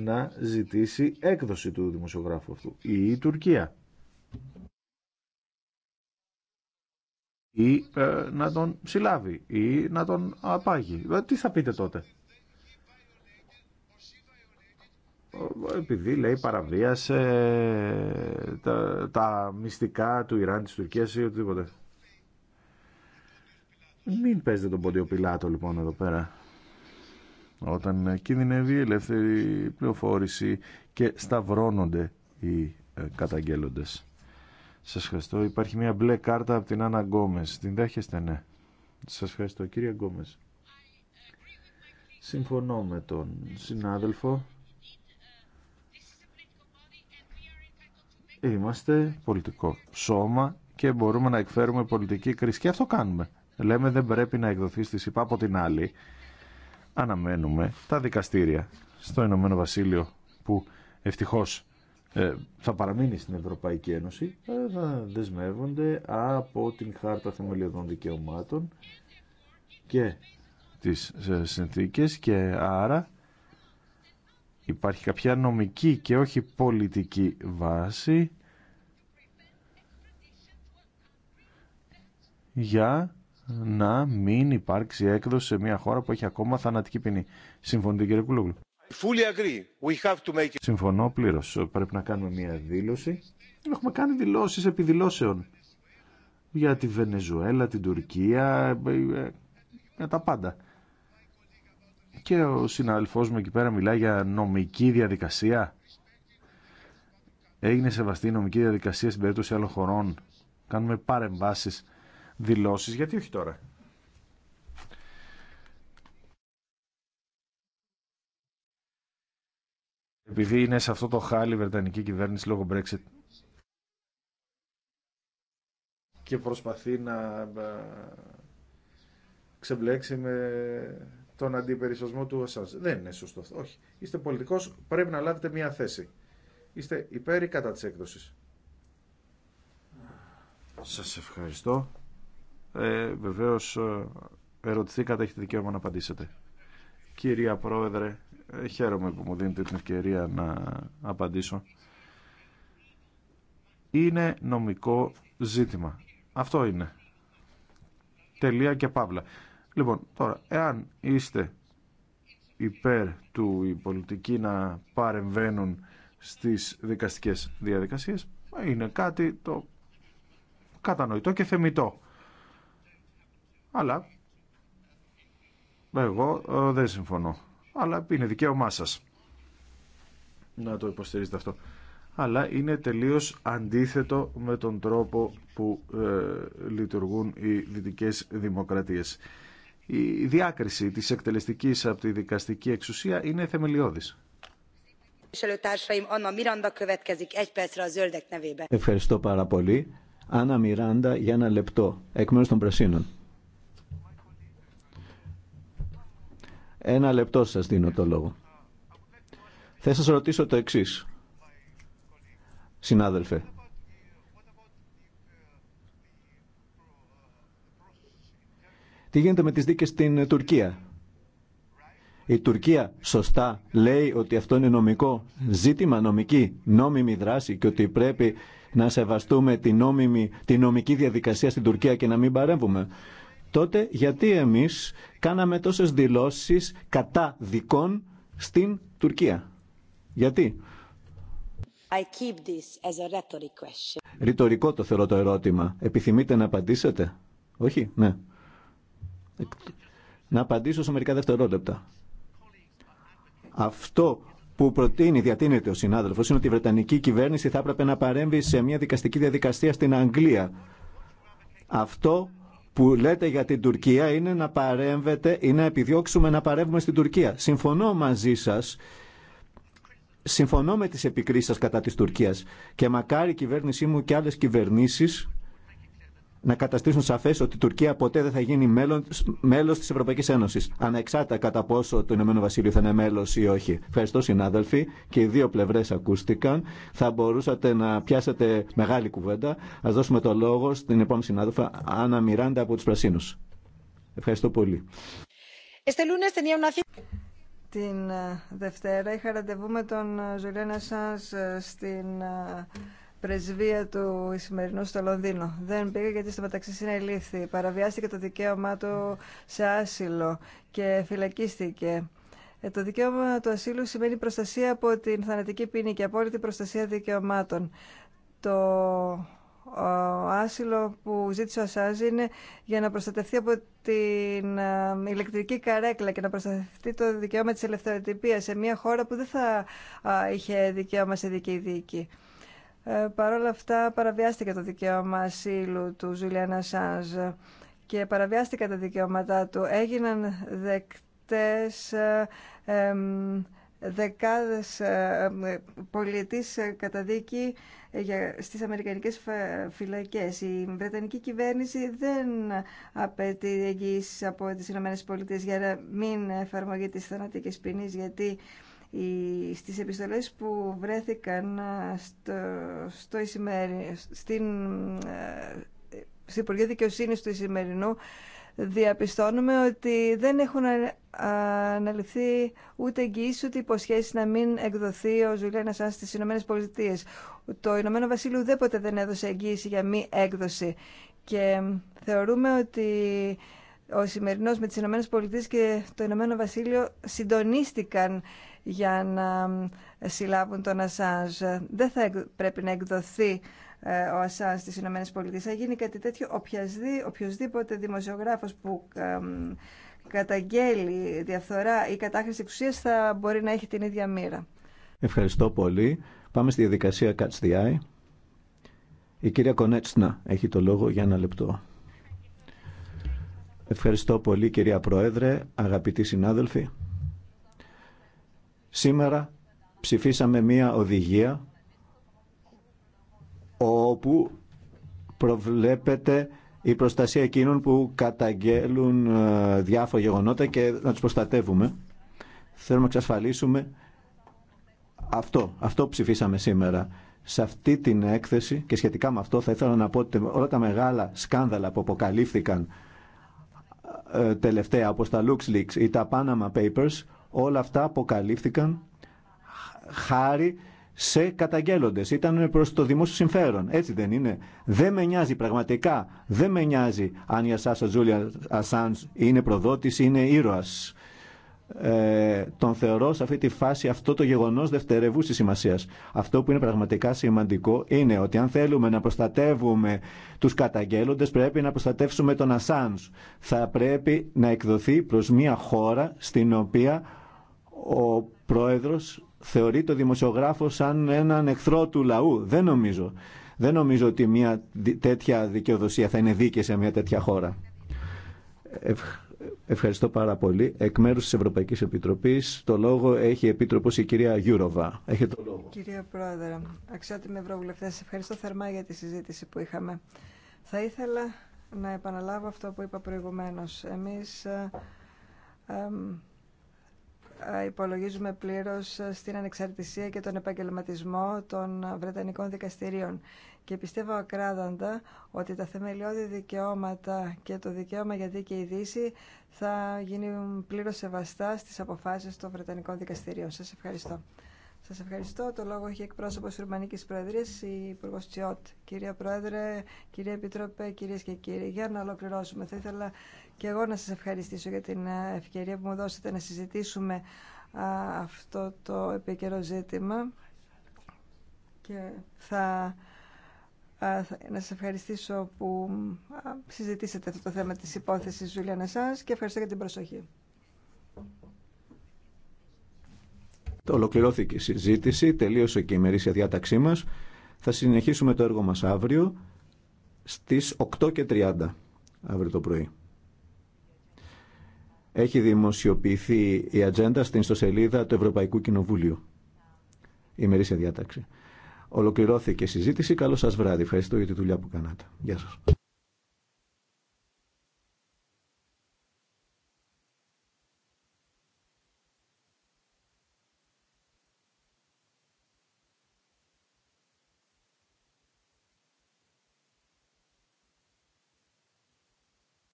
να ζητήσει έκδοση του δημοσιογράφου αυτού ή η τουρκια ή να τον συλλάβει ή να τον απάγει. Ε, τι θα πείτε τότε. Επειδή λέει παραβίασε ε, τα, τα μυστικά του Ιράν, της Τουρκίας ή οτιδήποτε. Μην παίζετε τον Ποντιοπιλάτο λοιπόν εδώ πέρα όταν κινδυνεύει η ελεύθερη πληροφόρηση και σταυρώνονται οι ε, καταγγέλλοντες. Σας ευχαριστώ. Υπάρχει μια μπλε κάρτα από την Άννα Γκόμες. Την δέχεστε, ναι. Σας ευχαριστώ. Κύριε Γκόμες. Συμφωνώ με τον συνάδελφο. Είμαστε πολιτικό σώμα και μπορούμε να εκφέρουμε πολιτική κρίση. Και αυτό κάνουμε. Λέμε δεν πρέπει να εκδοθεί στη ΣΥΠΑ από την άλλη αναμένουμε τα δικαστήρια στο Ηνωμένο Βασίλειο που ευτυχώς ε, θα παραμείνει στην Ευρωπαϊκή Ένωση να ε, δεσμεύονται από την Χάρτα Θεμελιωδών Δικαιωμάτων και τις ε, συνθήκες και άρα υπάρχει κάποια νομική και όχι πολιτική βάση για να μην υπάρξει έκδοση σε μια χώρα που έχει ακόμα θανατική ποινή. Συμφωνείτε κύριε Κουλούγλου. Make... Συμφωνώ πλήρω. Πρέπει να κάνουμε μια δήλωση. Έχουμε κάνει δηλώσει επιδηλώσεων για τη Βενεζουέλα, την Τουρκία, ε, ε, για τα πάντα. Και ο συναδελφός μου εκεί πέρα μιλάει για νομική διαδικασία. Έγινε σεβαστή η νομική διαδικασία στην περίπτωση άλλων χωρών. Κάνουμε παρεμβάσεις δηλώσεις. Γιατί όχι τώρα. Επειδή είναι σε αυτό το χάλι η Βρετανική κυβέρνηση λόγω Brexit και προσπαθεί να ξεμπλέξει με τον αντιπεριστασμό του Ασάζ. Δεν είναι σωστό αυτό. Όχι. Είστε πολιτικός, πρέπει να λάβετε μια θέση. Είστε υπέρ ή κατά της έκδοσης. Σας ευχαριστώ ε, βεβαίως ε, ερωτηθήκατε, έχετε δικαίωμα να απαντήσετε. Κυρία Πρόεδρε, ε, χαίρομαι που μου δίνετε την ευκαιρία να απαντήσω. Είναι νομικό ζήτημα. Αυτό είναι. Τελεία και παύλα. Λοιπόν, τώρα, εάν είστε υπέρ του οι πολιτικοί να παρεμβαίνουν στις δικαστικές διαδικασίες, είναι κάτι το κατανοητό και θεμητό. Αλλά εγώ ε, δεν συμφωνώ. Αλλά είναι δικαίωμά σα. να το υποστηρίζετε αυτό. Αλλά είναι τελείως αντίθετο με τον τρόπο που ε, λειτουργούν οι δυτικές δημοκρατίες. Η διάκριση της εκτελεστικής από τη δικαστική εξουσία είναι θεμελιώδης. Ευχαριστώ πάρα πολύ. Άννα Μιράντα για ένα λεπτό, εκ μέρους των Πρασίνων. Ένα λεπτό σας δίνω το λόγο. Θα σας ρωτήσω το εξής, συνάδελφε. Τι γίνεται με τις δίκες στην Τουρκία. Η Τουρκία σωστά λέει ότι αυτό είναι νομικό ζήτημα, νομική, νόμιμη δράση και ότι πρέπει να σεβαστούμε τη, νόμιμη, τη νομική διαδικασία στην Τουρκία και να μην παρέμβουμε τότε γιατί εμείς κάναμε τόσες δηλώσεις κατά δικών στην Τουρκία. Γιατί. I keep this as a Ρητορικό το θεωρώ το ερώτημα. Επιθυμείτε να απαντήσετε. Όχι, ναι. Να απαντήσω σε μερικά δευτερόλεπτα. Αυτό που προτείνει, διατείνεται ο συνάδελφος, είναι ότι η Βρετανική κυβέρνηση θα έπρεπε να παρέμβει σε μια δικαστική διαδικασία στην Αγγλία. Αυτό που λέτε για την Τουρκία είναι να παρέμβετε ή να επιδιώξουμε να παρέμβουμε στην Τουρκία. Συμφωνώ μαζί σας. Συμφωνώ με τις επικρίσεις κατά της Τουρκίας. Και μακάρι η κυβέρνησή μου και άλλες κυβερνήσεις να καταστήσουν σαφές ότι η Τουρκία ποτέ δεν θα γίνει μέλος, τη της Ευρωπαϊκής Ένωσης, ανεξάρτητα κατά πόσο το Ηνωμένο Βασίλειο θα είναι μέλος ή όχι. Ευχαριστώ συνάδελφοι και οι δύο πλευρές ακούστηκαν. Θα μπορούσατε να πιάσετε μεγάλη κουβέντα. Ας δώσουμε το λόγο στην επόμενη συνάδελφα Άννα Μιράντα από τους Πρασίνους. Ευχαριστώ πολύ. Την ε, Δευτέρα είχα ραντεβού με τον ε, Ζουλένα Σάνς ε, στην πρεσβεία του Ισημερινού στο Λονδίνο. Δεν πήγα γιατί στο μεταξύ συνελήφθη. Παραβιάστηκε το δικαίωμά του σε άσυλο και φυλακίστηκε. Ε, το δικαίωμα του ασύλου σημαίνει προστασία από την θανατική ποινή και απόλυτη προστασία δικαιωμάτων. Το άσυλο που ζήτησε ο Ασάζ είναι για να προστατευτεί από την ε, ηλεκτρική καρέκλα και να προστατευτεί το δικαίωμα της ελευθεροτυπίας σε μια χώρα που δεν θα είχε δικαίωμα σε δική δίκη. Ε, Παρ' όλα αυτά παραβιάστηκε το δικαίωμα ασύλου του Ζουλιάν Ασάνζ και παραβιάστηκαν τα δικαιώματά του. Έγιναν δεκτές ε, ε, δεκάδες δίκη ε, καταδίκη ε, στις αμερικανικές φυλακές. Η Βρετανική κυβέρνηση δεν απαιτεί εγγύηση από τις ΗΠΑ για να μην εφαρμογεί της θανατικής ποινής γιατί στις επιστολές που βρέθηκαν στο, στο στην, ε, στην Υπουργή Δικαιοσύνη του Ισημερινού διαπιστώνουμε ότι δεν έχουν αναλυθεί ούτε εγγυήσει ούτε υποσχέσει να μην εκδοθεί ο Ζουλένα Σαν στι Ηνωμένε Πολιτείε. Το Ηνωμένο Βασίλειο ουδέποτε δεν έδωσε εγγύηση για μη έκδοση. Και θεωρούμε ότι ο σημερινός με τις Ηνωμένες Πολιτείες και το Ηνωμένο Βασίλειο συντονίστηκαν για να συλλάβουν τον Ασάνζ. Δεν θα πρέπει να εκδοθεί ε, ο Ασάνζ στις Ηνωμένες Πολιτείες. Θα γίνει κάτι τέτοιο οποιοδήποτε δημοσιογράφος που ε, καταγγέλει διαφθορά ή κατάχρηση εξουσίας θα μπορεί να έχει την ίδια μοίρα. Ευχαριστώ πολύ. Πάμε στη διαδικασία Catch the Eye. Η κυρία Κονέτσνα έχει το λόγο για ένα λεπτό. Ευχαριστώ πολύ κυρία Πρόεδρε, αγαπητοί συνάδελφοι. Σήμερα ψηφίσαμε μία οδηγία όπου προβλέπεται η προστασία εκείνων που καταγγέλουν ε, διάφορα γεγονότα και να τους προστατεύουμε. Θέλουμε να εξασφαλίσουμε αυτό. Αυτό ψηφίσαμε σήμερα. Σε αυτή την έκθεση και σχετικά με αυτό θα ήθελα να πω ότι όλα τα μεγάλα σκάνδαλα που αποκαλύφθηκαν ε, τελευταία όπως τα LuxLeaks ή τα Panama Papers Όλα αυτά αποκαλύφθηκαν χάρη σε καταγγέλλοντε. Ήταν προς το δημόσιο συμφέρον. Έτσι δεν είναι. Δεν με νοιάζει πραγματικά. Δεν με νοιάζει αν η Ασάσα Τζούλια Ασάνς είναι προδότης ή είναι ήρωας. Ε, τον θεωρώ σε αυτή τη φάση αυτό το γεγονός δευτερεύουσης σημασίας. Αυτό που είναι πραγματικά σημαντικό είναι ότι αν θέλουμε να προστατεύουμε τους καταγγέλλοντες πρέπει να προστατεύσουμε τον Ασάνς. Θα πρέπει να εκδοθεί προς μια χώρα στην οποία ο πρόεδρος θεωρεί το δημοσιογράφο σαν έναν εχθρό του λαού. Δεν νομίζω. Δεν νομίζω ότι μια τέτοια δικαιοδοσία θα είναι δίκαιη σε μια τέτοια χώρα. Ευχαριστώ πάρα πολύ. Εκ μέρους της Ευρωπαϊκής Επιτροπής το λόγο έχει η Επίτροπος η κυρία Γιούροβα. Έχετε το λόγο. Κυρία Πρόεδρε, αξιότιμοι Ευρωβουλευτές, ευχαριστώ θερμά για τη συζήτηση που είχαμε. Θα ήθελα να επαναλάβω αυτό που είπα προηγουμένως. Εμείς ε, ε, υπολογίζουμε πλήρως στην ανεξαρτησία και τον επαγγελματισμό των Βρετανικών δικαστηρίων. Και πιστεύω ακράδαντα ότι τα θεμελιώδη δικαιώματα και το δικαίωμα για δίκαιη δύση θα γίνουν πλήρως σεβαστά στις αποφάσεις των Βρετανικών δικαστηρίων. Σας ευχαριστώ. Σας ευχαριστώ. Το λόγο έχει εκπρόσωπος Ρουμανική Προεδρία, η Υπουργό Τσιότ. Κυρία Πρόεδρε, κυρία Επιτροπέ, κυρίες και κύριοι, για να ολοκληρώσουμε. Θα ήθελα και εγώ να σας ευχαριστήσω για την ε, ευκαιρία που μου δώσετε να συζητήσουμε αυτό το επίκαιρο ζήτημα και θα να σας ευχαριστήσω που συζητήσατε αυτό το θέμα της υπόθεσης Ζουλιανασάς και ευχαριστώ για την προσοχή. Ολοκληρώθηκε η συζήτηση, τελείωσε και η ημερήσια διάταξή μας. Θα συνεχίσουμε το έργο μας αύριο στις 8.30 αύριο το πρωί. Έχει δημοσιοποιηθεί η ατζέντα στην ιστοσελίδα του Ευρωπαϊκού Κοινοβουλίου. Η ημερήσια διάταξη. Ολοκληρώθηκε η συζήτηση. Καλό σας βράδυ. Ευχαριστώ για τη δουλειά που κάνατε. Γεια σας.